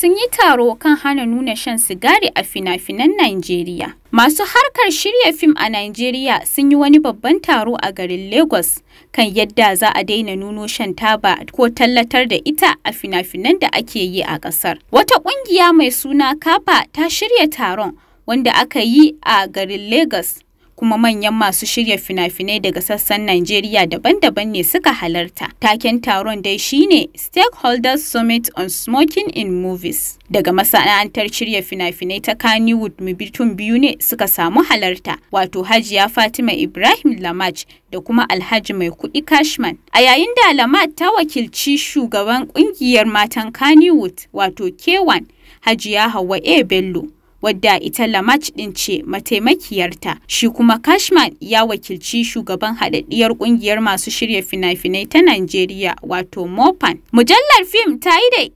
sun yi taro kan hana nuna shan sigari a fina-finan Najeriya. Masu harkar shirya fim a Najeriya sun yi wani babban taro a garin Lagos kan yadda za a daina nuno shan taba ko tallatar da ita a fina-finan da ake yi a ƙasar. Wata ƙungiya mai suna Kapa ta shirya taron wanda aka yi a garin Lagos. kuma manyan masu shirya fina-finai daga sassan Najeriya daban-daban ne suka halarta. Taken taron dai shine Stakeholders Summit on Smoking in Movies. Daga masana'antar shirya fina-finai ta Kannywood mibitun biyu ne suka samu halarta, wato Hajiya Fatima Ibrahim Lamaj da kuma Alhaji Mai Kuɗi Cashman. A yayin da Lamaj ta wakilci shugaban ƙungiyar matan Kannywood, wato K1, Hajiya Hauwa A. Bello. wadda ita Lamach ɗin ce mataimakiyarta. Shi kuma kashman ya wakilci shugaban haɗaɗɗiyar ƙungiyar masu shirya fina-finai ta Najeriya wato Mopan. Mujallar fim ta yi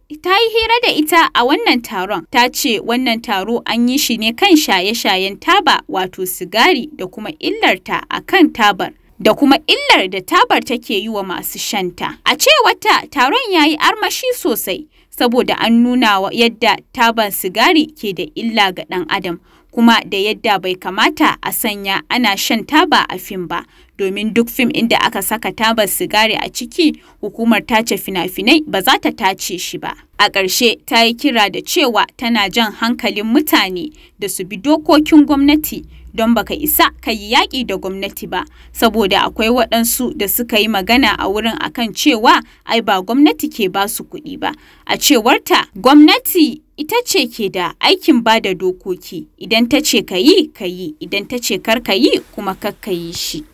hira da ita a wannan taron. Ta ce wannan taro an yi shi ne kan shaye-shayen taba wato sigari da kuma illarta a kan tabar. da kuma illar da tabar take yi wa masu shanta. A cewarta taron ya yi armashi sosai saboda an nuna yadda tabar sigari ke da illa ga ɗan adam kuma da yadda bai kamata a sanya ana shan taba a fim ba domin duk fim inda aka saka tabar sigari a ciki hukumar tace fina-finai ba za ta tace shi ba. A ƙarshe ta yi kira da cewa tana jan hankalin mutane da su bi dokokin gwamnati don baka isa ka yi yaƙi da gwamnati ba saboda akwai waɗansu da suka yi magana a wurin akan cewa ai ba gwamnati ke ba su kuɗi ba a cewarta gwamnati ita ce ke da aikin ba da dokoki idan ta ce ka yi ka yi idan ta ce kar ka yi kuma kar ka yi shi